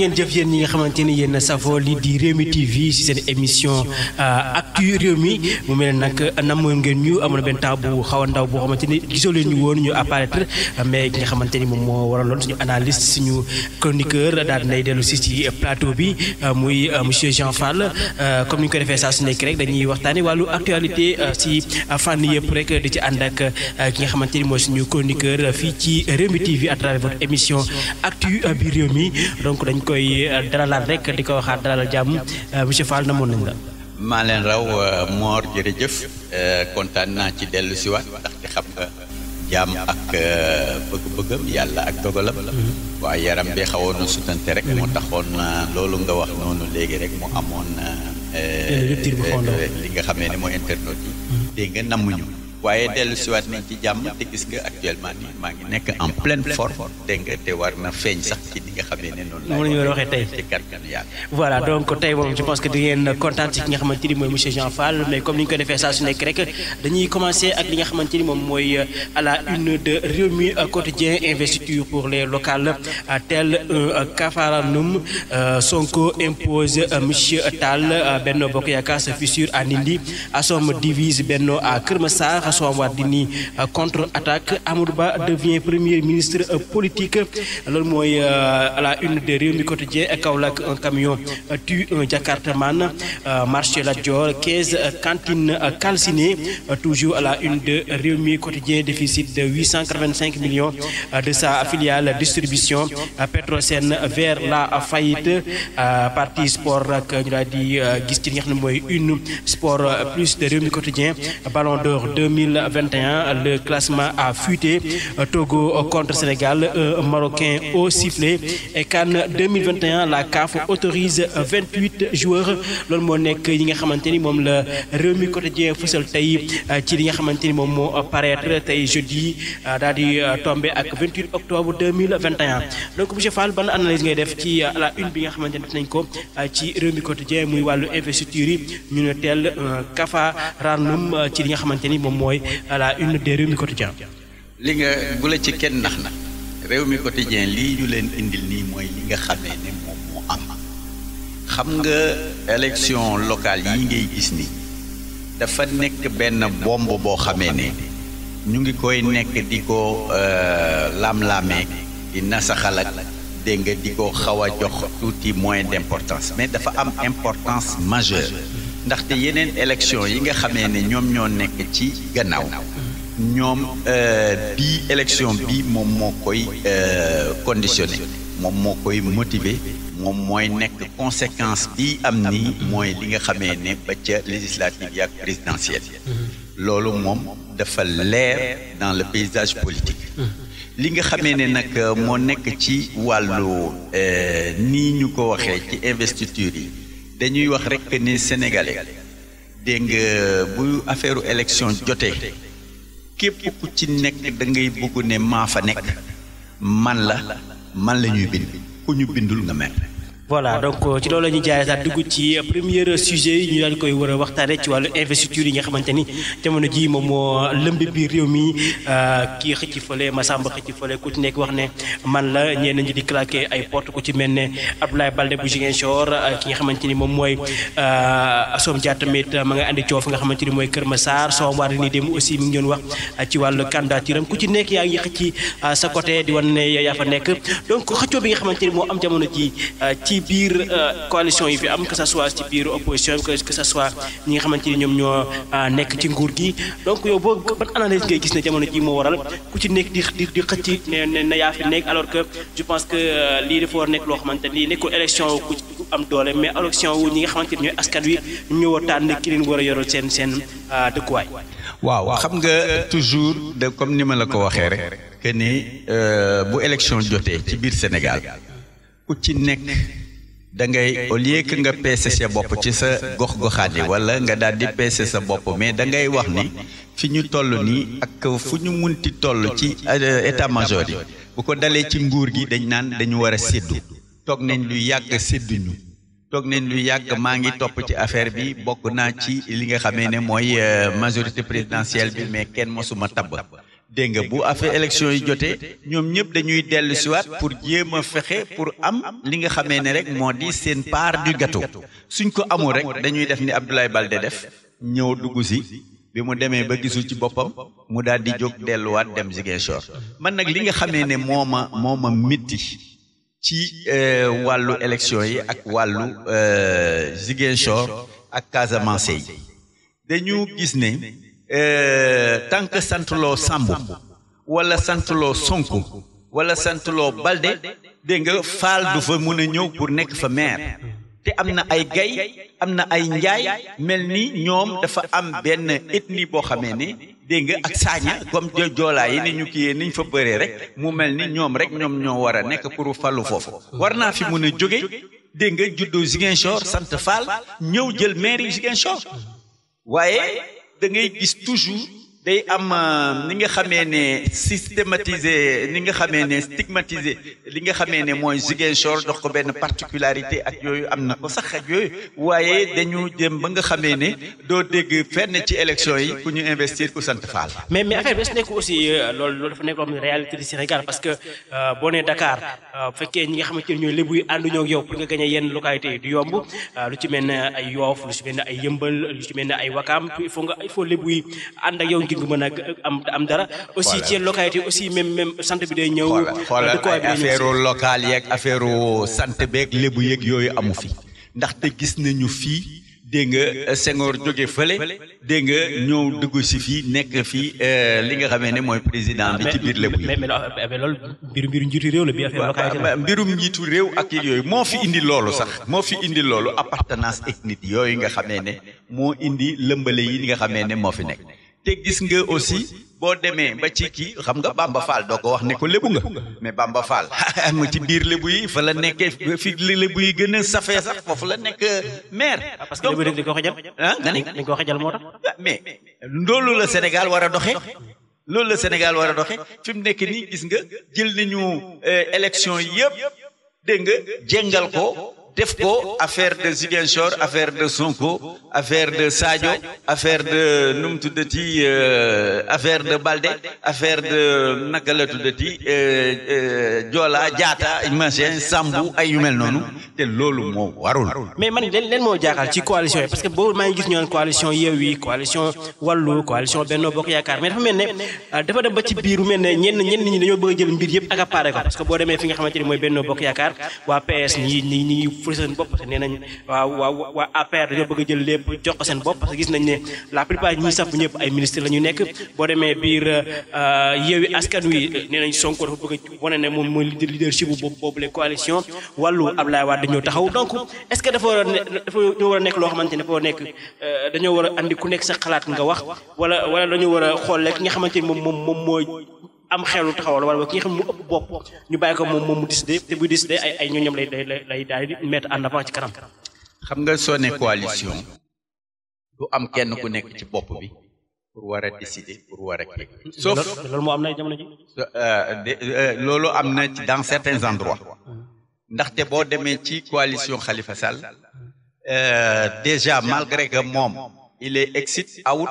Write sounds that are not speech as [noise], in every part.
ngeen jëf yéen ñi nga xamante ni yéen safoo li di Rewmi TV si seen émission euh, actu réew mi mu mel ne namoon ngeen ñu amoon benn temps bu xaw a ndaw boo xamante ni gisoo leen ñu woon ñu apparaître mais ki nga xamante ni moom moo waraloon suñu analyste suñu chroniqueur daal nay dellu si ci plateau bi euh, muy euh, monsieur Jean Fall comme ni ñu ko defee saa su nekk rek dañuy waxtaanee wàllu actualité si fànn yëpp rek di ci ànd ak ki nga xamante ni mooy suñu chroniqueur fii ci Rewmi TV à travers koy euh, dalalaat rek di ko waxaat dalal jàmm euh, monsieur Fall na moon nañ la. maa leen raw euh, Mor jërëjëf kontaan naa ci dellu si waat ndaxte xam nga jaam ak bëgg-bëggam yàlla ak dogalam. Mm-hmm. waaye yaram bi xawoon na sutante rek moo taxoon loolu nga wax noonu léegi rek mu amoon. li nga xamee ne mooy internet yi. Mm-hmm. dégg nga nammuñu. waaye dellu siwaat nañ ci jàmm te gis nga actuellement nii maa ngi nekk en pleine forme dégg nga te war na feeñ sax ci li nga xamee ne noonu. moom la tey voilà donc tey moom je pense que di ngeen kontaan ci ki nga xamante ni mooy monsieur Jean Fall mais comme ni ñu ko defee saa su nekk rek dañuy commencer ak li nga xamante ni moom mooy à la une de Rewmi quotidien investiture pour les locales tel un capharnaüm euh, Sonko impose euh, monsieur Tall euh, Benno Bokk Yaakaar se fissure à Ndindy Assom divise Benno à Keur Massar. François Wade euh, contre attaque Amadou Ba devient premier ministre euh, politique loolu mooy euh, à la une de Rewmi Quotidien Kaolack un camion tue un jakartaman marché Lat Dior 15 cantines toujours à la une de Rewmi Quotidien déficit de 885 millions de sa filiale distribution Petrosen vers la faillite partie sport ak ñu daal di gis ci li nga xam ne mooy une sport plus de Rewmi Quotidien ballon d'or 2021. Le classement a fuité. Togo contre Sénégal, Marocain au sifflet. Et la CAF autorise 28 loolu moo nekk yi nga xamante ni moom la réew mi quotidien fësal tey ci li nga xamante ni moom moo paraître tey jeudi daal di euh, tombé ak 28 octobre 2021. donc monsieur Fall ban analyse ngay def ci euh, la une bi nga xamante ni def nañ ko euh, ci réew quotidien muy wàllu investiture yi ñu ne teel ci li nga xamante ni moom moo mooy à la une des Rewmi li nga bu ci kenn nax na réew Rewmi Quotidien lii ñu leen indil nii mooy li nga xam ne moom moo am xam nga élection locale yi ngay gis ni dafa nekk benn bomb boo xamee ne ñu ngi koy nekk di ko euh, laam-laamee di nasaxal ak dégg nga di ko xaw a jox tuuti moins d'importance mais dafa am importance majeure ndaxte yeneen élection yi nga xamee ne ñoom ñoo nekk ci gannaaw ñoom euh, bii élection bi moom moo koy euh, conditionné moom moo koy motiver moom mooy nekk conséquence bi am ni mooy li nga xamee ne ba ca législative yi présidentielle loolu moom dafa leer dans le paysage politique li nga xamee ne nag euh, moo nekk ci wàllu ni ñu ko waxee ci investiture yi dañuy wax rek ni sénégalais dégg nga bu affaire élection jotee képp ku ci nekk da ngay bëgg ne maa fa nekk man la man la ñuy bind ku ñu bindul nga mer. voilà donc euh, ci loolu la ñuy jaaree daal dugg ci euh, premier euh, sujet yi ñu daal koy war a waxtaane ci wàllu investiture yi nga xamante jamono ji moom moo lëmb biir réew mi kii xëcc fële Massamba xëcc fële ku ci nekk wax ne man la ñenn ñi di claqué ay porte ku ci mel ne Abdoulaye Balde bu Ziguinchor ki nga xamante ni moom mooy Assome Dia ma nga andi coow fi nga xamante ni mooy Kër Massar soo war ni dem aussi mi ngi wax ci wàllu candidature am ku ci nekk yaa ngi xëcc sa côté di wan ne yaa fa nekk donc xëccoo bi nga xamante ni moo am jamono ji ci ci biir euh, coalition yi fi am que sa soit ci biir opposition bi que ça soit ñi nga xamante ni ñoom ñoo euh, nekk ci nguur gi donc yow boo ban analyse ngay gis ne jamono ji moo waral ku ci nekk di di di xëcc ne na yaa fi nekk alors que je pense que euh, lii defoo war nekk loo xamante ni nekkul élection ku am doole mais élection wu ñi nga xamante ni ñooy askan wi ñu war tànn ki leen war a yoral seen seen dëkkuwaay. waaw xam nga toujours de comme ni ma la ko waxee rek que ni bu élection jotee ci biir Sénégal ku ci nekk. da ngay au nga peese sa bopp ci sa gox goxaan yi wala nga daal di peese sa bopp mais da ngay wax ni fi ñu toll nii ak fu ñu munti toll ci euh, état major yi bu ko dalee ci nguur gi dañ naan dañu war a séddu toog nañ lu yàgg sédduñu toog nañ lu yàgg maa ngi topp ci affaire bi bokk naa ci li nga xamee ne mooy euh, majorité présidentielle bi mais kenn mosuma tabb dégg nga bu affaire élection yi jotee ñoom ñëpp dañuy dellu siwaat pour jéem a fexe pour am li nga xamee ne rek moo di seen part du gâteau suñ ko amul rek dañuy def ni Abdoulaye Baldé def ñëw dugg si bi mu demee ba gisul ci boppam mu daal di jóg delluwaat dem Ziguinchor man nag li nga xamee ne moo ma moo ma métti ci euh, wàllu élection yi ak wàllu euh, Ziguinchor ak Casamance yi dañu gis ne Eh, tant que santuloo Samb wala santuloo Sonko wala santuloo Balde dégg nga faal du fa mën a ñëw pour nekk fa maire te am na ay gay am na ay njaay mel ni ñoom dafa am benn ethnie boo xamee ne dégg nga ak saaña comme joolaa yi ni ñu kiyee niñ fa bëree rek mu mel ni ñoom rek ñoom ñoo war a nekk pour falu foofu war naa fi mun a jóge dégg nga juddoo Ziguinchor sant Fall ñëw jël maire yi Ziguinchor waaye da ngay gis toujours day am euh, ni nga xamee ne systématisé ni nga xamee ne stigmatisé li nga xamee ne mooy Ziguinchor dox ko benn particularité ak yooyu am na ko sax ak yooyu waaye dañu jëm ba nga xamee ne doo dégg fenn ci élection yi ku ñu investir ku sant Fall. mais mais affaire bi est-ce nekk aussi euh, loolu loolu nekk loo xam réalité du Sénégal parce que euh, boo nee Dakar bu fekkee ñi nga xamante ne ñooy lébu ànd ànduñoo ak yow pour nga gagné yenn localité yi du yomb lu ci mel ne ay Yoff lu ci mel ne ay lu ci mel ne ay Wakaam il faut nga il faut du mën a am am dara. aussi ci localité aussi même même sant bi day ñëw. xoolal xoolal affaire locale yeeg affaire sant beeg lébu yeeg yooyu amu fi. ndaxte gis nañu fii. dégg nga euh, Senghor jóge fële dégg nga ñëw dugg si fii nekk fii euh, li nga xamee ne mooy président ci biir lébu yi. mais loolu mbiru mbiru njiitu réew la bi affaire localité la. mbirum njiitu réew ak yooyu moo fi indi loolu sax moo fi indi loolu appartenance ethnique yooyu nga xamee ne moo indi lëmbale yi nga xamee ne moo fi nekk. te gis nga aussi boo demee ba ci kii xam nga Bamba Fall doo ko wax ne ko lébu nga mais Bamba Fall [laughs] mu ci biir lébu yi fa la nekkee fi lébu yi gën a safee sax foofu la nekk maire. parce que lébu dañ ko xajal ah nga ni dañ ko xajal moo tax. Ah, mais loolu Sénégal war a doxee. loolu la Sénégal war a doxee fi mu nekk nii gis nga jël nañu eh, élection yëpp dégg nga jéngal ko. def ko affaire de Ziguinchor affaire de Sonko affaire de Sadio affaire de nu mu tuddati euh, affaire de Balde de naka la tuddati euh, euh, Joola Jaata machin Sambu ay yu noonu te loolu moo warul. mais man leen moo jaaxal ci coalition parce que boobu maa gis ñu coalition Yewwi coalition Wallu coalition Benno Bokk Yaakaar mais dafa mel ci biir mel ne ñenn ñi dañoo bëgg a jël mbir yëpp ak a pare ko parce que boo demee fi nga xamante ni mooy Benno Bokk Yaakaar waa PS ñi ñi ñi sécuriser seen bopp parce que nee nañ waa waa waa APR dañoo bëgg a jël lépp jox seen bopp parce que gis nañ ne la plupart ñi sàpp ñëpp ay ministre la nekk euh, a boobu les coalition wàllu Ablaye Wade dañoo taxaw donc est ce que dafa war a a nekk loo xamante ne dafa euh, war a andi ku nekk sa xalaat nga wax wala dañoo war a xool rek nga xamante moom moom moom mooy am xelu taxawal wala ki nga mu ëpp bopp ñu bàyyi ko moom moom mu décidé te buy décidé ay ay ñooñam lay daal di mettre en avant ci kanam. xam nga soo coalition du am kenn ku nekk ci bopp bi pour war a décider pour war a kii. sauf loolu moo am na jamono ji. Euh, euh, loolu am na ci dans certains endroits. te boo demee ci coalition Khalifa Sall. Euh, déjà malgré que moom il est a out.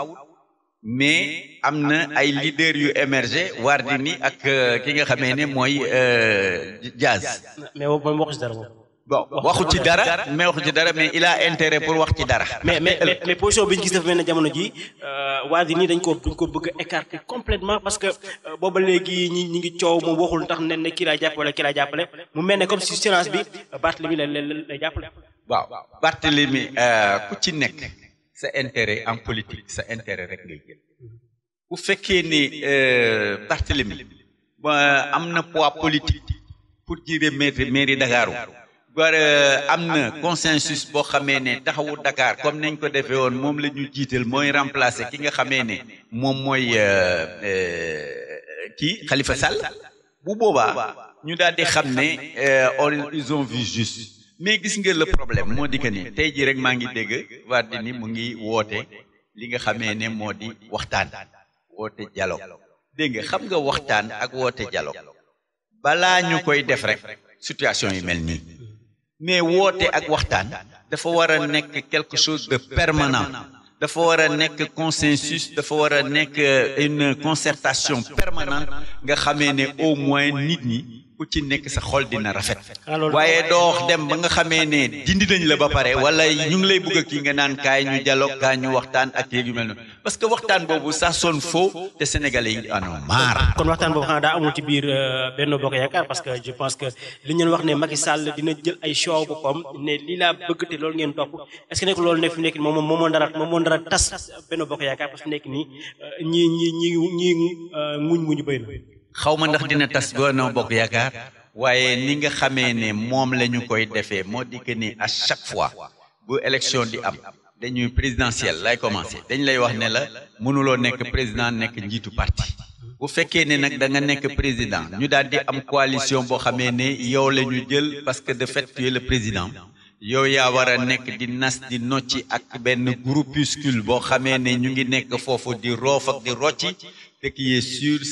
mais am na ay leader yu émergé Wardini ak euh, ki nga xamee ne mooy euh, euh, Diaz. mais moom waxu ci dara moom. bon waxu ci dara mais waxu ci dara mais il a intérêt pour wax ci dara. mais mais mais position bi gis dafa mel ne jamono ji Wardini dañ ko dañ ko bëgg a écarter complètement parce que booba léegi ñi ñi ngi coow moom waxul tax ne ne kii laa jàpp wala kii laa jàppale mu mel ne comme si silence bi Barthélemy la la la jàppale. waaw mi ku ci nekk. sa intéret en politique sa intérêt rek ngay jël bu fekkee ne euh, Barthélemy euh, am na poids politique pour jiire mairie mairie Dakar war euh, am na consensus boo xamee ne taxawu Dakar comme nañ ko defee woon moom la ñu jiital mooy remplacer ki nga xamee ne moom mooy kii Khalifa Sall bu boobaa ñu daal di xam ne ils ont juste mais gis nga la problème moo di que ne tey jii rek maa ngi dégg waat ni mu ngi woote li nga xamee ne moo di waxtaan woote dialogue dégg xam nga waxtaan ak woote dialogue balaa ñu koy def rek situation yi mel nii mais woote ak waxtaan dafa war a nekk quelque chose de permanent dafa war a nekk consensus dafa war a nekk une concertation permanente nga xamee ne au moins nit ñi ku ci nekk sa xol dina rafet waaye doox dem ba nga xamee ne dindi la ba pare wala ñu ngi lay bëgg a nga naan kaay ñu dialogue kaay ñu waxtaan ak yéeg mel noonu parce que waxtaan boobu ça sonne faux te sénégalais yi en ont kon waxtaan boobu xanaa daa amul ci biir euh, Benno Yaakaar parce que li ñu wax ne Macky Sall dina jël ay choix boppam ne lii laa bëgg te loolu ngeen topp est ce que nekk loolu ne fi nekk moom moom moo dara moom moo dara tas Benno Bokk Yaakaar xaw ma ndax dina tas Benno Bokk Yaakaar waaye ni nga xamee ne moom la ñu koy defee moo di que a chaque fois bu élection di am dañuy présidentielle lay commencé dañ lay wax ne la mënuloo nekk président nekk njiitu parti bu fekkee ne nag da nga nekk président ñu daal di am coalition boo xamee ne yow la ñu jël parce que de fait tu es le président yow yaa war a nekk di nas di nocci ak benn groupuscule boo xamee ne ñu ngi nekk foofu di roof ak di rocci ce qui est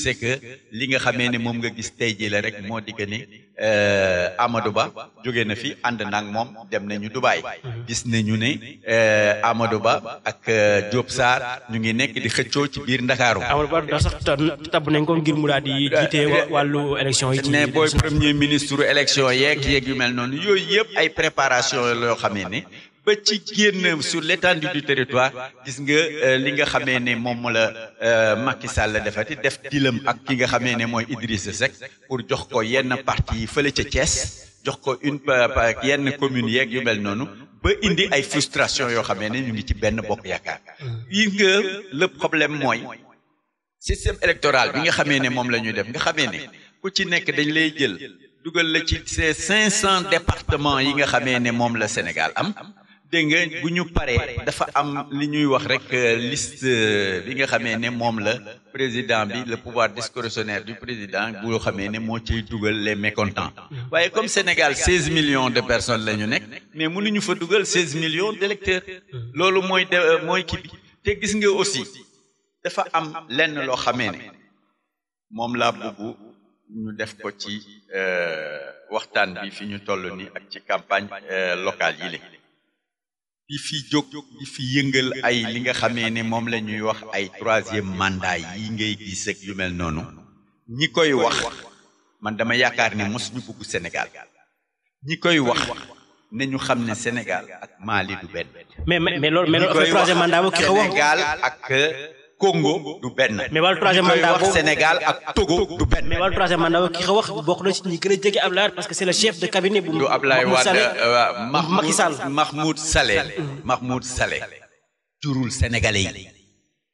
c'est que li nga xamee ne moom nga gis tey jii la rek moo di que ni euh, Amadou Ba jóge na fi ànd na ak moom dem nañu Dubaï. gis nañu ne euh, Amadou Ba ak euh, Diop Sarr ñu ngi nekk di xëccoo ci biir Ndakaaru. Amadou Ba da sax tab nañ ko ngir mu daal di jiite wàllu élection yi. ci ne booy premier ministre élection yeeg yeeg yu mel noonu yooyu yëpp ay préparation loo yoo xamee ne. ba ci génn sur l'étendue du territoire gis nga euh, li nga xamee ne moom la euh, Macky Sall defati def dilam ak ki nga xamee ne mooy Idrissa Seck pour jox ko yenn parti yi fële ca Thiès jox ko une yenn commune yeeg yu mel noonu ba indi ay frustration yoo xamee ne ñu ngi ci benn bokk yaakaar yi nga le problème mooy système électoral bi nga xamee ne moom la ñuy def nga xamee ne ku ci nekk dañ lay jël dugal la ci ces cinq cent départements yi nga xamee ne moom la Sénégal am dégg nga bu ñu paree dafa am li ñuy wax rek euh, liste euh, bi nga xamee ne moom la président bi le pouvoir discrétionnaire du président bu xamee ne moo ciy dugal les mécontents waaye comme Sénégal 16 millions de personnes la ñu nekk mais ñu fa dugal 16 millions d'électeurs loolu mooy de euh, mooy kii te gis nga aussi dafa am lenn loo xamee ne moom la bëgg ñu def ko ci waxtaan bi fi ñu tollu ni ak ci campagne locale yi la di fi jóg di fi yëngal ay li nga xamee ne moom la ñuy wax ay troisième mandat yi ngay gis ak yu mel noonu ñi koy wax man dama yaakaar ne mos ñu bugg Sénégal ñi koy wax na ñu xam ne senegal ak Mali du benn. mais mais mais loolu mais loolu troisième mandat bu ki ko ak. Congo du benn. mais wàllu troisième mandat boobu Sénégal ak Togo du benn. mais wàllu troisième mandat boobu ki ko wax bokk na ci ñi gën a jege Ablaye parce que c'est le chef de cabinet bu. Ablaye euh, Saleh Mahmoud Saleh turul sénégalais yi.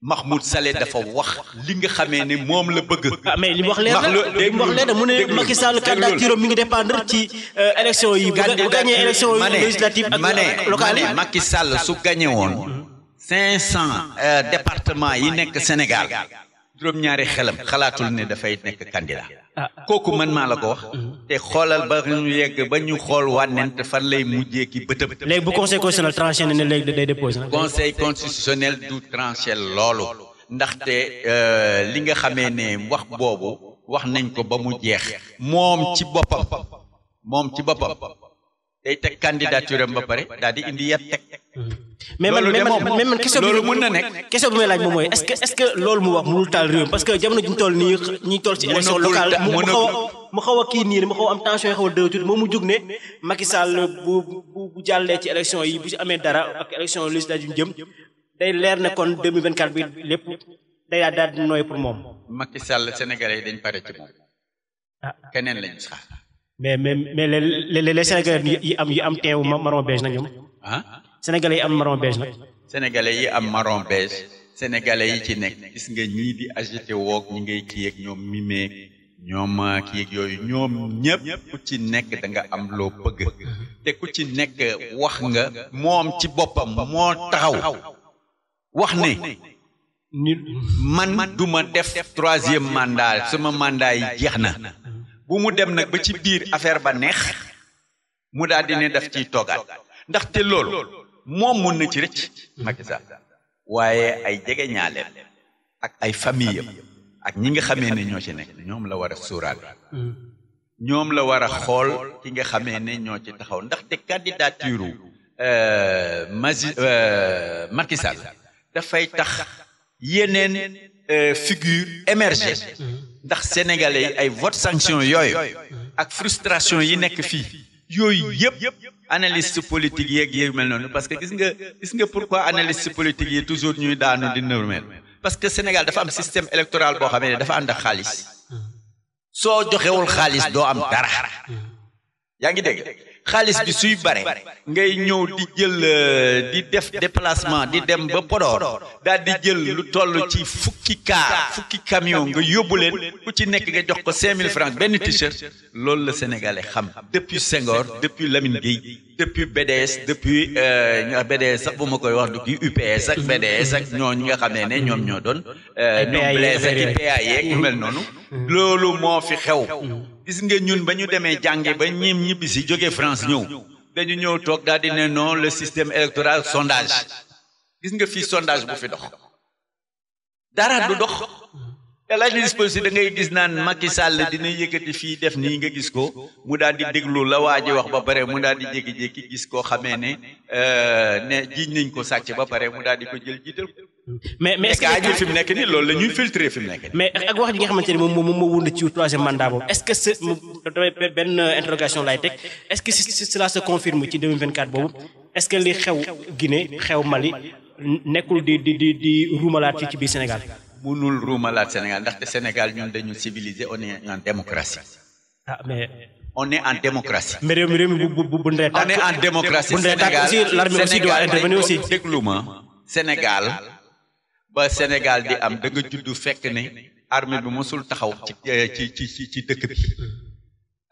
Mahmoud Saleh dafa wax li nga xamee ne moom la bëgg. ah mais li mu wax leer na li mu wax leer mu ne Macky Sall candidature mi ngi dépendre ci euh, élection yi. bu gagné élection yi législative ak locales yi. Macky Sall su gagné woon. cinq cent euh, département yi nekk Sénégal juróom-ñaari xelam xalaatul ne dafay nekk candidat ah. kooku man maa la ko wax mm-hmm. te xoolal ba ñu yegg ba ñu xool wànnent fan lay mujjee ki bëtëb léegi bu conseil constitutionnel tranché ne léegi day déposé conseil constitutionnel du tranché loolu ndaxte euh, li nga xamee ne wax boobu wax nañ ko ba mu jeex moom ci boppam moom ci boppam day teg candidature am ba pare daal indi yat teg. Hmm. mais man mais man mais man bi loolu na nekk question bi may laaj moom mooy est-ce que est-ce que loolu mu wax mënul taal réew parce que jamono ji ñu toll nii ñuy mu xaw a mu a kii nii mu xaw a am tension yi xaw a dëwtut moom mu jug ne Macky Sall bu bu jàllee ci élection yi bu ci amee dara ak élection législative yu jëm day leer ne kon 2024 bi lépp day daal di nooy pour moom. Macky Sall Sénégalais yi dañ pare ci moom. Ah. keneen lañ sax. mais mais mais les les les yi am yi am teewu marron beige nag ñoom. ah sénégalais yi am marron beige nag. sénégalais yi am marron beige sénégalais yi ci nekk gis nga ñii di agité woog ñi ngay kii ak ñoom mimeeg ñoom ah, kii ak yooyu ñoom ñëpp ci nekk da nga am loo bëgg te ku ci nekk wax nga moom ci boppam moo taxaw wax ne. man duma def troisième mandat sama mandat yi jeex na. bu mu dem nag ba ci biir affaire ba neex mu daal di ne daf ciy toogaat ndaxte loolu moom mun na ci rëcc Macky Sall waaye ay jege ñaaleem ak ay famille am ak ñi nga xamee ne ñoo ci nekk ñoom la war a sóoraal ñoom la war a xool ki nga xamee ne ñoo ci taxaw ndaxte candidature euh, euh, Macky Sall dafay tax yeneen Euh, figure émergée ndax sénégalais yi ay vote sanction yooyu ak frustration yi nekk fii yooyu yëpp analyste politique yeeg yeeg mel noonu parce que gis nga gis nga pourquoi analyste politique yi toujours ñuy daanu di normal parce que Sénégal dafa am système électoral boo xamee ne dafa ànd ak xaalis hmm. soo joxewul xaalis doo am dara hmm. yaa ngi dégg xaalis bi suy bare ngay ñëw di jël euh, di def déplacement di dem ba Podor dal di jël lu toll ci fukki kaar fukki camion nga yóbbu leen ku ci nekk nga jox ko mille francs benn t-shirt loolu la sénégalais xam depuis Senghor depuis Lamine Gueye depuis BDS depuis euh, BDS sax bu ma koy wax du kii UPS ak BDS ak ñooñu nga xam ne ñoom ñoo doon euh, ñoom Blaise ak PA yeeg yu mel noonu mm-hmm. loolu moo fi xew gis ngeen ñun ba ñu demee jàngi ba ñim ñibbi si jóge France ñëw dañu ñëw toog daal di ne non le système électoral sondage gis nga fii sondage bu fi dox dara du dox te laaj dispositif da ngay gis naan Macky Sall dina yëkkati fii def nii nga gis ko mu daal di déglu la waa ji wax ba pare mu daal di jékki-jékki gis koo xamee ne euh, ne jiiñ nañ ko sàcc ba pare mu daal di ko jël jiital ko. mais mais est-ce que gars yi fi mu nekk nii loolu la ñuy filtrer fi mu nekk nii. mais ak wax ji nga xamante ne moom moom moo wund ci troisième mandat boobu est-ce que damay benn interrogation laay teg est-ce que si cela se confirme ci 2024 boobu est-ce que li xew Guinée xew Mali nekkul di di di di ruumalaat fii ci biir Sénégal. mënul ruumalaat Sénégal ndaxte Sénégal ñun dañu civilisé on est en démocratie. ah mais. on est en démocratie. mais réew mi réew mi bu bu bu ndee tàkk on est en démocratie. Sénégal Sénégal aussi am da nga fekk ne armée bi mosul taxaw ci ci ci ci dëkk bi.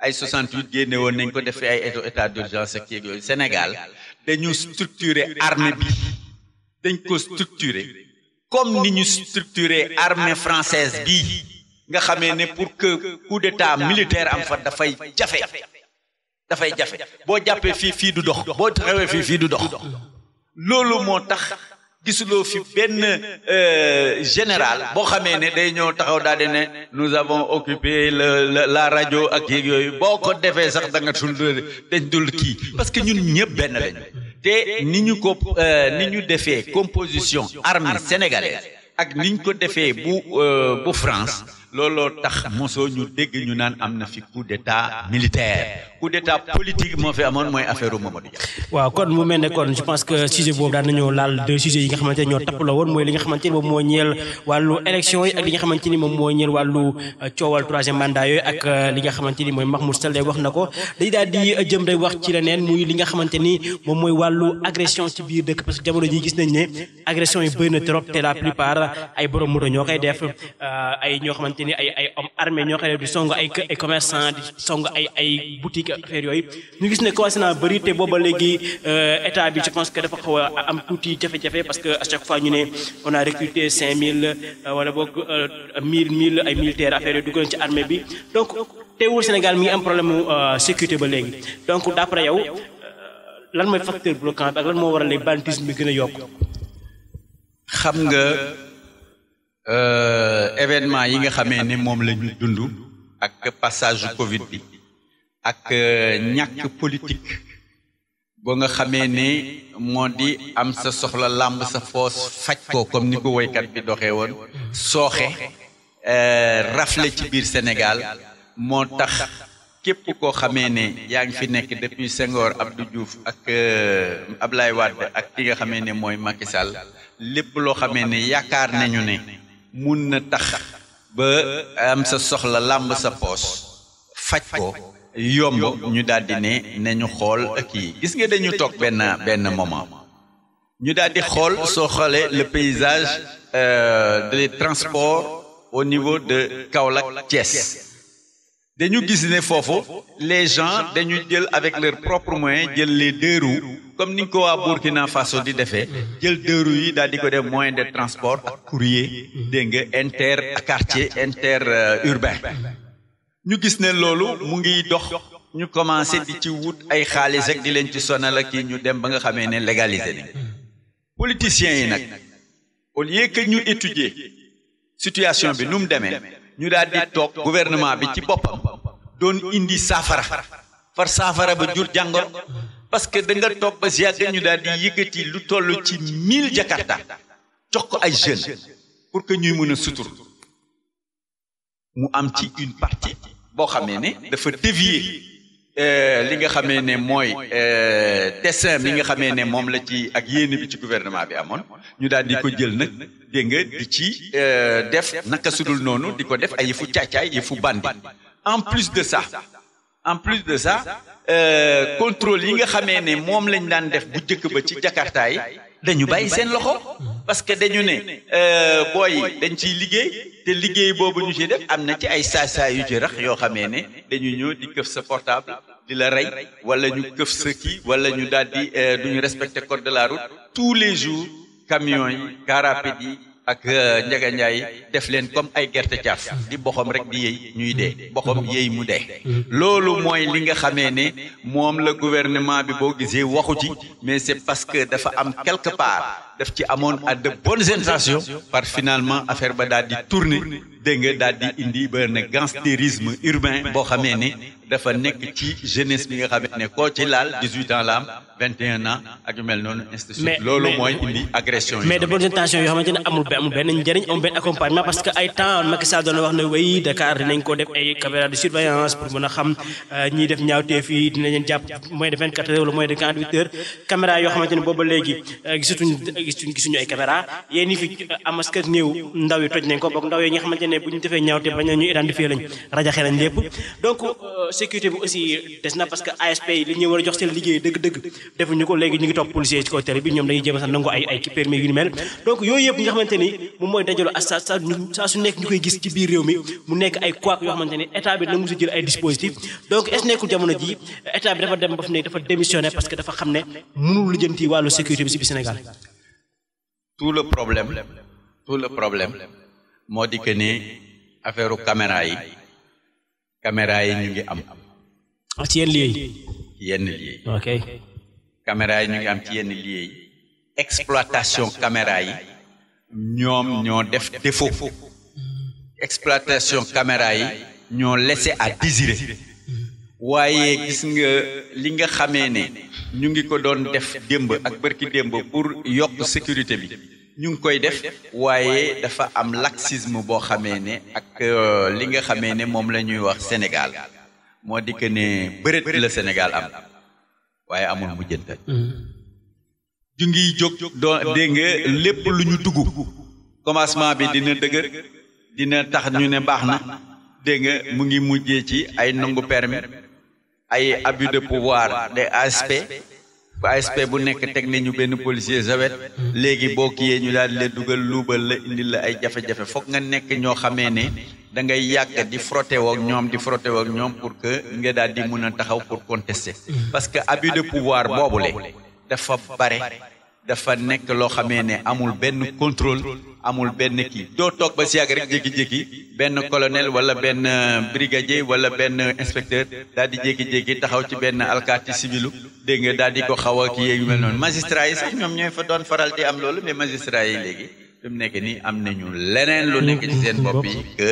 ay 68 génne woon nañ ko defee ay état d'urgence ak yooyu Sénégal dañu structurer armée bi dañ ko structurer. comme ni ñu structuré armée francaise bii nga xamee ne pour que coup d'état militaire am fa dafay jafe dafay jafe boo jàppee fii fii du dox boo taxawee fii fii du dox loolu moo tax gisuloo fi benn euh, général boo xamee ne day ñëw taxaw daal di ne nous avons occupé la la rajo ak yéeg yooyu boo ko defee sax da nga de dañ dul kii parce que ñun ñëpp benn lañu te ni ñu ko euh, ni ñu defee composition armée sénégalaise ak ni ñu ko defee bu euh, bu France looloo tax mosoo ñu dégg ñu naan am na fi coup d'état militaire coup d'état politique moo fi amoon mooy affaire Mamadou Dia. waaw kon mu mel ne kon je pense que sujet boobu daan nañoo laal deux sujets yi nga xamante ne ñoo tapp la woon mooy li nga xamante ni moom moo ñeel wàllu moo ñeel wàllu euh, coowal troisième mandat yooyu ak euh, li nga xamante ni mooy Mahmoud Saleh wax na ko dañu daal di euh, jëm rek wax ci leneen muy li nga xamante ni moom mooy wàllu agression ci biir dëkk parce que jamono jii gis nañ ne agression yi bëri na trop te la plupart ay koy def ay ñoo xamante xamante ni ay ay hommes armés ñoo xam ne di song ay ay commerçant ay boutique affaire yooyu ñu gis ne commencé naa bëri te booba léegi euh, état bi je pense que dafa xaw a am tuuti jafe-jafe parce que à chaque fois ñu ne on a recruté mille euh, wala boog euh, mille mille ay militaire affaire yooyu duggoon ci armée bi donc teewul Sénégal mi ngi am problème sécurité ba léegi donc d'après yow lan mooy facteur bloquant bi ak lan moo waral banditisme bi gën a yokk xam Euh, événement yi nga xame ni moom la dund ak passage Covid bi ak euh, ñàkk politique boo nga xamee ni moo di am sa soxla làmb sa foos faj ko comme ni ko woykat bi doxee woon sooxe euh, rafle ci biir Sénégal moo tax képp ko xamee ne yaa ngi fi nekk depuis ab du Diouf ak ab Ablaye Wade ak ki nga xame ne mooy Macky lépp loo xamee ne yaakaar nañu ne mun na tax ba am sa soxla làmb sa poos faj ko yomb ñu daldi ne nañu xool kii gis nga dañu toog benn benn moment ñu daldi xool soo xoolee le paysage euh, des transports au niveau de Kaolack Thiès dañu gis ne foofu les gens dañu jël avec leurs propres moyens jël les deux comme ni ñu ko waa Burkina façon di defee jël deux roues yi daal di ko dem moyen de transport ak courrier dégg nga inter quartier inter euh, urbain ñu gis ne loolu mu ngi dox ñu commencé di ci wut ay xaalis ak di leen ci sonal ak kii ñu dem ba nga xamee ne légalisé nañ politiciens yi nag au lieu que ñu étudier situation bi nu mu demee ñu daal di toog gouvernement bi ci boppam doon indi saafara far saafara ba jur jàngoro parce que da nga toog ba si yàgg ñu daal di yëkkati lu toll ci mille jakarta jox ko ay jeunes pour que ñuy mën a sutur mu am ci une boo xamee ne dafa dévier Euh, li nga xamee ne mooy dessin euh, bi nga xamee ne moom la ci ak yéene bi ci gouvernement bi amoon ñu daal di ko jël nag dégg nga di ci euh, def naka sudul noonu di ko def ay yëfu caacaay yëfu bandi en plus de ça en plus de ça contrôle yi nga xamee ne moom lañ daan def bu jëkk ba ci jakartaay dañu bàyyi seen loxo parce que dañu ne euh, booy dañ ciy liggéey te liggéey boobu ñu ci def am na ci ay saay-saay yu ci rax yoo xamee ne dañu ñëw di këf sa portable di la rey wala ñu këf sa kii wala ñu daal di euh, duñu respecter code de la route tous les jours camions yi car yi ak euh, euh, njeganjaay def leen comme ay gerte caaf di boxam rek di yëy ñuy de boxam yëy mu dee loolu mooy li nga xamee ne moom la gouvernement bi boo gisee waxu ci mais c'est parce que dafa am quelque part daf ci amoon à de bonnes sensations par finalement affaire ba daal di tourner dégg nga di indi benn gangstérisme urbain boo xamee ne dafa nekk ci jeunesse bi nga xamee ne koo ci laal 18 am 21 ans ak yu mel noonu. mais loolu mooy indi amul benn njëriñ amul benn accompagnement parce que ay temps Macky Sall doon wax ne wey Dakar dinañ ay caméra de surveillance pour mën a xam euh, ñiy def ñaawteef yi dinañ leen jàpp moins de gisuñ gisuñu ay caméra yéen ñi fi am askan néew ndaw yi ñu defee ñaaw te bañ a ñu identifier lañ rajaxe lañ lépp donc euh, sécurité bi su nekk ñu koy gis ci biir réew mi mu nekk ay couac yoo xamante ni état bi nangu si jël ay dispositif donc est nekkul jamono ji état bi dafa dem ba nekk dafa démissionné parce que dafa xam ne mënul lijjanti wàllu sécurité bi si bi Sénégal tout le problème tout le problème moo di que ni affaire caméra yi caméra yi ñu ngi am. Ah, ci yenn lieux yi. ci ngi am yenn lieux yi. exploitation caméra yi ñoom ñoo def défaut. exploitation caméra yi ñoo laissé à désirer. Mm-hmm. waaye gis nga li nga xamee ne. ñu ngi ko doon def démb ak bërki démb pour yokk sécurité bi ñu ngi koy def waaye dafa am laxisme boo xamee ne ak euh, li nga xamee ne moom la ñuy wax Sénégal moo di que ne bëreet la Sénégal am waaye amul mujjantal mm-hmm. ñu ngi jóg doon dégg nga lépp lu ñu dugg commencement bi dina dëgër dina tax ñu ne baax na dégg nga mu ngi mujjee ci ay nangu permis ay abi de pouvoir des ASP ASP bu nekk teg nañu benn policier zawet hmm. léegi boo yee ñu daal leen dugal luubal la indil la ay jafe-jafe foog nga nekk ñoo xamee ne da ngay yàgg di frotter woog ñoom di frotter woog ñoom pour que nga daal di mën a taxaw pour contester hmm. parce que abus de pouvoir boobule dafa bare dafa nekk loo xamee ne amul benn contrôle amul benn kii doo toog ba si yàgg rek jékki-jékki benn colonel wala benn euh, brigadier wala benn inspecteur daal di jékki-jékki taxaw ci benn alkaati civilu dégg nga daal di ko xaw a kii yeeg yu mel noonu magistrat sax ñoom ñooy fa doon faral di am loolu mais magistrat yi léegi fi mu nekk nii am nañu leneen lu nekk ci seen bopp yi que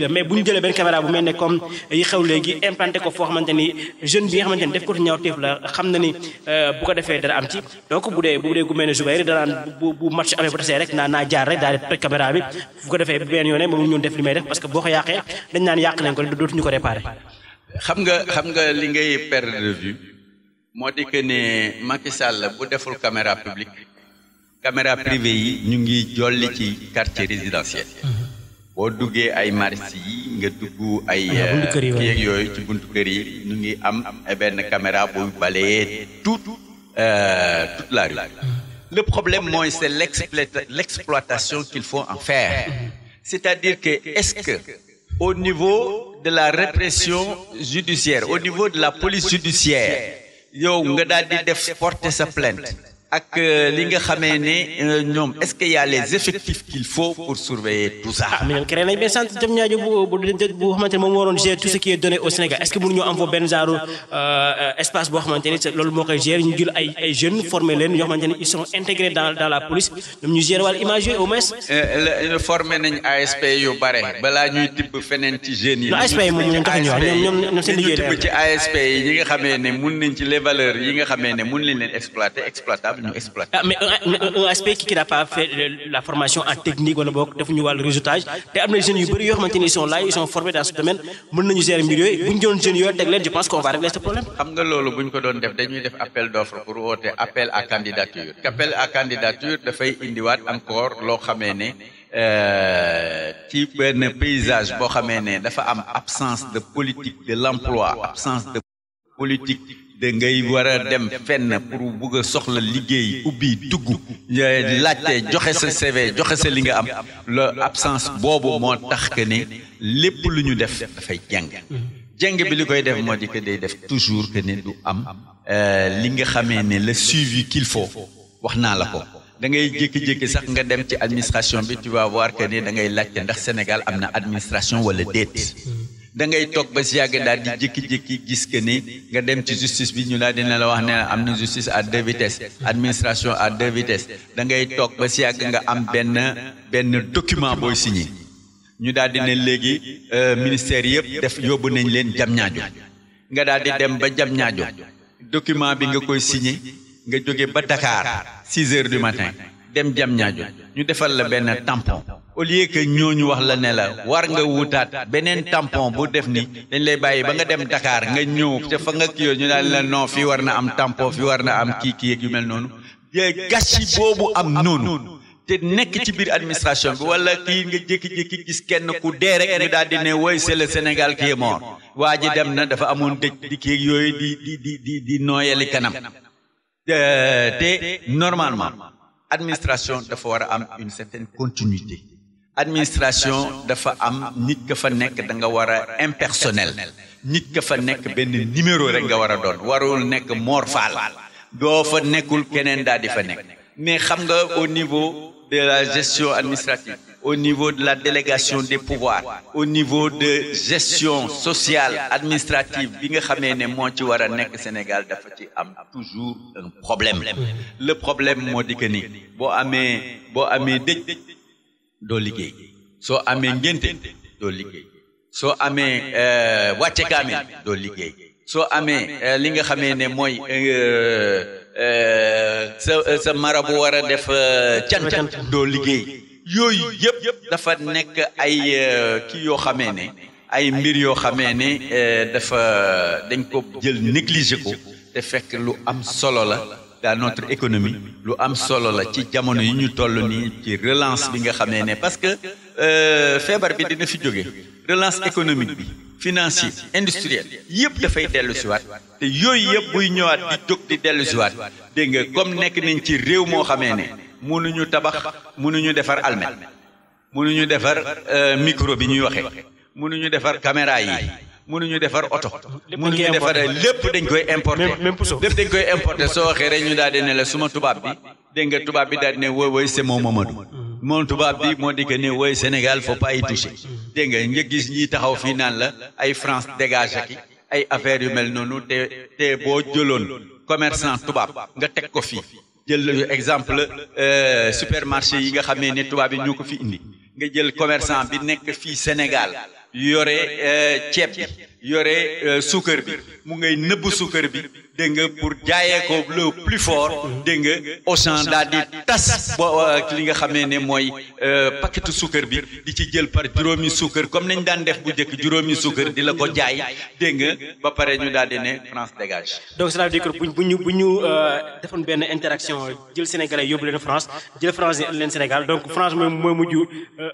lii mais bu ñu jëlee benn caméra bu mel ne comme yi xew léegi implanté ko foo xamante ni jeune bi nga xamante ni def ko ñaaw téef la xam na ni euh, bu ko defee dara am ci donc bu dee bu dee mel ne Joubaire danaan bu bu match amee bu tasee rek naa jaar rek daal di toj caméra bi bu ko defee benn yoon moom ñun def li may def parce que boo ko yàqee dañ naan yàq nañ ko dootuñu ko réparé. xam nga xam nga li ngay perdre de moo di que ne Macky Sall bu deful caméra publique caméra privée yi ñu ngi jolli ci quartier résidentiel. Mm-hmm. boo duggee ay marché yi nga dugg ay euh, kii ak yooyu ci buntu kër yi ñu ngi am benn caméra buy balayé tout euh, toute la rue hmm. le problème mooy c'est l'exploitation qu'il faut en faire c'est-à-dire que est-ce que au niveau de la répression judiciaire au niveau de la police judiciaire yow nga daal di def porter sa plainte ak euh, euh, li nga xamee ne euh, ñoom est-ce qu'il y a les effectifs qu'il faut pour surveiller tout ça. Ah, mais ne moom moo doon gérer tout ce qui est donné au Sénégal est-ce que mënuñoo am foofu benn genre espace boo ne loolu moo koy gérer ñu jël ci jeunes yi. non ASP yi moom ñoom ci ASP yi nga xamee ne mun nañ ci les valeurs yi nga xamee ne mun nañ leen exploiter exploitable ñu exploité. Ah, mais un aspect qui n'a pas fait la formation en technique wala boog defuñu wàllu réseautage te am na jeunes yu bëri yoo xamante ni ils sont là ils sont formés dans ce domaine mën nañu gérer yooyu bu doon jeunes yooyu teg leen je pense qu'on va régler ce problème. xam nga loolu bu ko doon def dañuy def appel d'offre pour woote appel à candidature. appel à candidature dafay indiwaat encore loo xamee ne. Euh, ci benn paysage boo xamee ne dafa am absence de politique de l'emploi absence politique da ngay war a dem fenn pour bugg a soxla liggéey ubbi dugg laajte joxe sa CV joxe sa li nga am la absence boobu moo tax que ne lépp lu ñu def dafay jàng jàng bi li koy def moo di que day def toujours que ne du am euh, li nga xamee ne le suivi qu'il faut wax naa la ko da ngay jékki-jékki sax nga dem ci administration bi tu vas voir ne da ngay laajte ndax Sénégal am na administration wala déet da ngay toog ba si yàgg daal di jékki-jékki gis que ni nga dem ci justice bi ñu laa dina la wax ne am na justice à deux vitesses administration à deux vitesses da ngay toog ba si yàgg nga am benn benn document booy signé ñu daal di ne léegi euh, ministère yëpp def yóbbu nañ leen jam ñaajo nga daal di dem ba jam ñaajo document bi nga koy signé nga jóge ba Dakar ci heures du matin dem jam ñaajo ñu defal la benn tampon au lieu que ñooñu wax la ne la war nga wutaat beneen tampon bu def ni dañ lay bàyyi ba nga dem dakaar nga ñëw te fa nga kiyoo ñu daal la non fii war na am tampon fii war na am kii kii yu mel noonu gàcce boobu am noonu te nekk ci biir administration bi wala kii nga jékki-jékki gis kenn ku dee rek ñu daal di ne woy c'est Sénégal qui est mort waa ji dem na dafa amoon dëj di kii yooyu di di di di di nooyali kanam euh, te normalement administration dafa war a am une certaine continuité administration dafa am nit ka fa nekk da nga war a impersonnel nit ka fa nekk benn numéro rek nga war a doon warul nekk Mor Fall doo fa nekkul keneen daal di fa nekk mais xam nga au niveau de la gestion administrative au niveau de la délégation des pouvoirs au niveau de gestion sociale administrative bi nga xamee ne moo ci war a nekk Sénégal dafa ci am toujours un problème le problème moo di que ni boo amee boo amee dëj doo liggéey soo amee ngénte doo liggéey soo amee euh, wàcce kaamil doo liggéey soo amee euh, li nga xamee ne mooy euh, sa sa marabu war a def cant doo liggéey yooyu yëpp dafa nekk ay euh, kii yoo xamee ne ay mbir yoo xamee ne euh, dafa dañ ko jël négligé ko te fekk lu am solo la dans notre économie lu am solo la ci jamono yi ñu toll nii ci relance bi nga xamee ne parce que euh, feebar bi dina fi jóge relance économique bi financier industriel yëpp dafay dellu siwaat te yooyu yëpp buy ñëwaat di jóg di dellu siwaat dégg nga comme nekk nañ ci réew moo xamee ne mënuñu tabax mënuñu defar almet mënuñu defar euh, micro bi ñuy waxee mënuñu defar caméra yi mënuñu defar oto mënuñu defar lépp dañ koy importer lépp dañ koy importer soo waxee rek ñu daal di ne la suma tubaab bi dégg nga tubaab bi daal di ne wooy wooy c'est mon Mamadou mm-hmm. moom tubaab bi moo di que ne Sénégal faut pas y mm-hmm. dégg nga nga gis ñi taxaw fii naan la ay France dégage ki ay affaires yu mel noonu te te boo jëloon commerçant tubaab nga teg ko fii jël exemple euh, supermarché yi nga xamee ne tubaab yi ñu ko fi indi nga jël commerçant bi nekk fii Sénégal yore euh, ceeb bi yore euh, suukar bi mu ngay nëbb suukar bi dégg nga pour jaayee ko le plus fort dégg nga Auchan daal di tas bo euh, li nga xamee ne mooy euh, paquetu suukar bi di ci jël par juróomi suukar comme nañu daan def bu njëkk juróomi suukar di la ko jaay dégg nga ba pare ñu daal di ne France dégage. donc cela veut dire bu ñu bu ñu euh, defoon benn interaction jël Sénégalais yóbbu leen France jël France leen Sénégal donc France mooy mooy mujj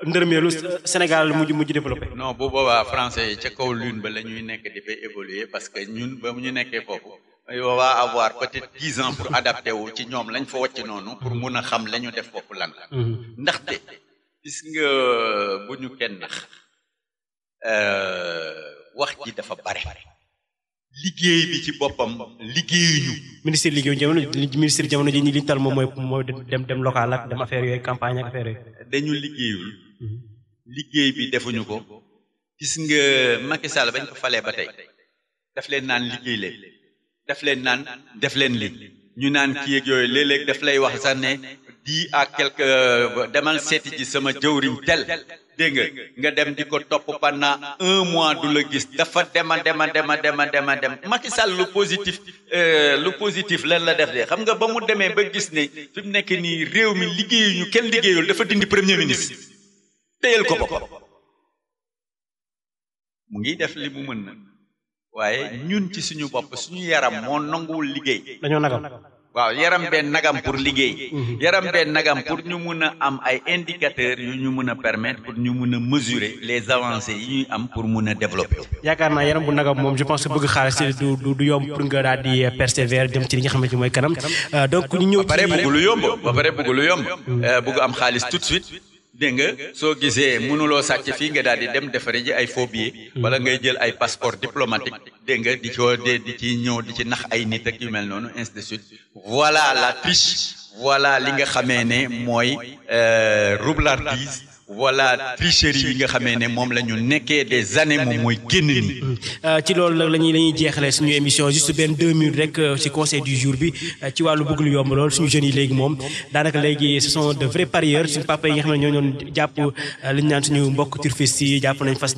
ndërmeelu Sénégal mujj mujj développé. non bu boobaa français ca kaw lune ba la ñuy nekk di fay évoluer parce que ñun ba ñu nekkee foofu. yow va avoir peut-être ans pour adapté wu ci ñoom lañ fa wàcc noonu pour mun a xam la def bopp lan la mhm. ndaxte nga bu ñu kenn nax euh, wax ji dafa bare liggéey bi ci boppam liggéeyuñu ministre liggéeyu jamono ministre jamono ji ñi liñ tal moom mooy mooy dem dem local ak dem affaire yooyu campagne ak affaire yooyu dañu liggéeyul mhm. liggéey bi defuñu ko gis nga Macky bañ ko falee ba tey daf leen naan liggéey leen def leen naan def leen li ñu naan kii yeeg yooyu léeg daf lay wax sax ne di ak quelque euh, demal seeti ji sama jëwriñ tel dégg nga nga dem di ko topp pendant un mois du la gis dafa dema dema dema dema dema dem Macky Sall lu positif euh, lu positif lan la def de xam nga ba mu demee ba gis ne fi mu nekk nii réew mi ñu kenn liggéeyul dafa dindi premier ministre téyel ko bopp mu ngi def li mu mën nag waaye ñun ci suñu bopp suñu yaram moo nanguwul liggéey. dañoo nagam waaw yaram benn nagam pour liggéey. Mhm. yaram benn nagam pour ñu mun a am ay indicateurs yu ñu mun a permettre pour ñu mun a mesurer les avancées yi ñuy am pour mun a développer. yaakaar naa yaram bu nagam moom je pense que bëgg xaalis du yomb pour nga daal di euh, persévérer ci li nga xamante ni mooy kanam euh, donc ñu ñëw ci. ba pare bëgg lu yomb ba pare bëgg lu yomb. Mm. Euh, bëgg am xaalis tout suite. dégg nga soo gisee mënuloo sàcc fii nga daal di dem defare ji ay faux billets wala ngay jël ay passeport diplomatique dégg nga di ko de di ci ñëw di ci nax ay nit ak yu mel noonu ainsi de suite voilà la triche voilà li nga xamee ne mooy euh, roublardise wala tricherie yi nga xamee ne moom la ñu nekkee des années moom mooy génn nii. Euh, ci loolu nag la suñu émission juste benn deux minutes rek euh, ci conseil du jour bi euh, ci wàllu bëgg lu yomb lool suñu jeunes léegi moom daanaka léegi ce sont de vrais parieurs suñu papa yi nga xam ne ñoo doon jàpp li naan suñu mbokk turfiste jàpp nañ fas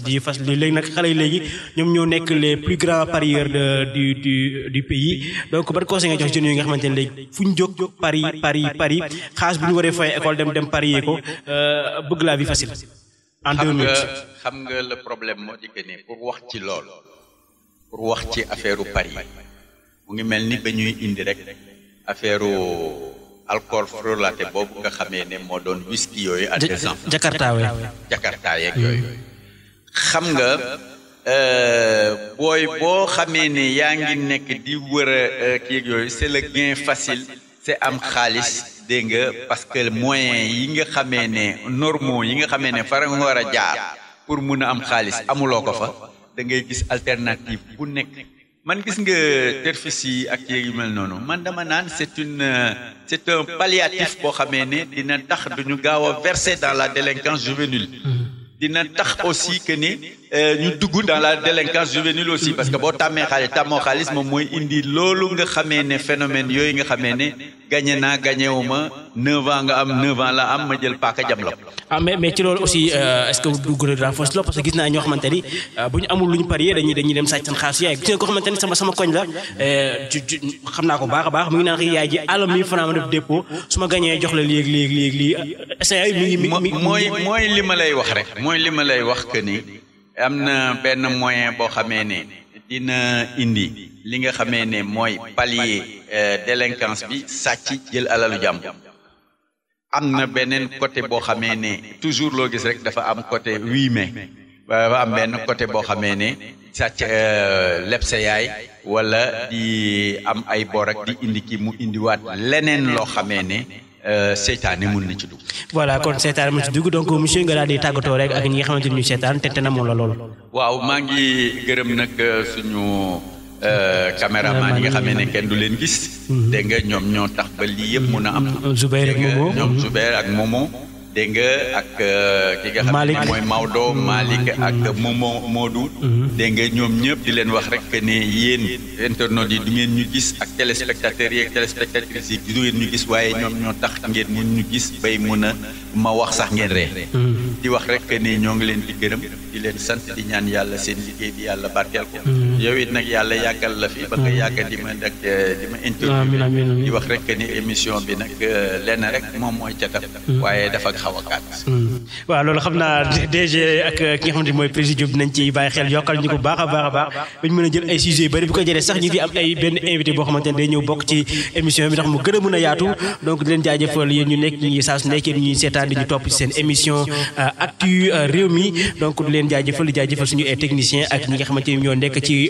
léegi nag xale yi léegi ñoom ñoo nekk les plus grands parieurs du pays donc ban conseil nga jox jeunes yi nga xamante vie facile. en xam nga le problème moo di wax ci lool wax ci affaire Paris mu ngi mel ni ba ñuy indi rek affaire alcool frelaté boobu nga xamee ne moo doon whisky yooyu à deux ans. yooyu. xam nga euh, booy boo xamee ne yaa ngi nekk di wër euh, a yooyu c'est le gain facile c'est am xaalis. dégg nga parce que moyen yi nga xamee ne normaux yi nga xamee ne fara nga war a jaar pour mun a am xaalis amuloo ko fa da ngay gis alternative bu nekk man gis nga terfis yi ak yu mel noonu man dama naan c'est une c'est un palliatif boo xamee ne dina tax duñu gaaw a verser dans la délinquance juvénile hmm. dina tax aussi que ni ñu dugg dans la délinquance juvénile aussi parce que boo tàmmee xaalis tàmmoo xaalis moom mooy indi loolu nga xamee ne phénomène yooyu nga xamee ne gagné naa gagné wu ma 9 nga am 9 ans la am ma jël paaka jam la. ah mais mais ci loolu aussi est ce parce que gis naa ñoo xamante ni bu ñu amul lu ñu parier dañuy dañuy dem sàcc seen xaalis yaay gis nga koo xamante sama sama koñ la xam naa ko baax a baax mu ngi naan yaay ji allo 1000 francs ma def dépôt su ma gagné jox la léegi léegi léegi mi ngi mi mooy mooy li ma lay wax rek mooy li ma lay wax que ni. am na benn moyen boo xamee ne dina indi li nga xamee ne mooy pallier euh, délinquance bi sàcc jël alalu jàmbur am na beneen côté boo xamee ne toujours loo gis rek dafa am côté huit mai dafa am benn côté boo xamee ne sàcc euh, leb sa yaay wala di am ay bor di indi ki mu indiwaat leneen loo xamee ne Euh, seytaane mun na ci dugg. voilà kon seytaane mun ci dugg donc monsieur nga daal di tàggatoo rek ak ñi nga xamante ni ñu seytaan tente na moom la lool. waaw maa ngi gërëm nag euh, suñu euh, caméraman yi nga xamee ne kenn du leen gis. Mhm. dégg ñoom ñoo tax ba lii yëpp mun a am. Zubair ak Momo mhm. ak Momo. dégg nga ak mooy euh, nga xam ne mooy Maodo mm-hmm. Malick ak mm-hmm. Momo Modou. Mm-hmm. dégg nga ñoom ñëpp di leen wax rek ne yéen internautes yi du ngeen ñu gis ak téléspectateurs yi ak téléspectatrices yi du ngeen ñu gis waaye ñoom ñoo tax ngeen mun ñu gis bay mun a ma wax sax ngeen ree di wax rek ne ñoo ngi leen di gërëm di leen sant di ñaan yàlla seen liggéey bi yàlla barkeel ko. yow it nag yàlla yàggal la fi ba nga yàgg di ma nag eh, di ma interview di wax rek ni émission bi nag eh, lenn rek moom mooy catam mm. waaye dafa xaw a gàtt mm. waaw loolu xam naa DG ak ki nga xamante mooy président dinañ ci bàyyi xel yokkal ñu ko baax a baax a baax ba ñu mën a jël ay sujets yu bëri bu ko jëlee sax ñu fi am ay benn invité boo xamante ne day ñëw bokk ci émission bi a mën a yaatu donc di leen jaajëfal yéen ñu nekk ñu saa su nekk yéen ñuy seetaan di ñu topp ci seen émission eh,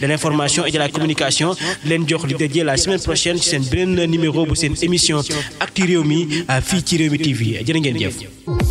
de l'information et de la communication leen jox li dajee la semaine prochaine ci seen beneen numéro bu seen émission réew mi euh, fii ci Rewmi TV jërë ngeen jëf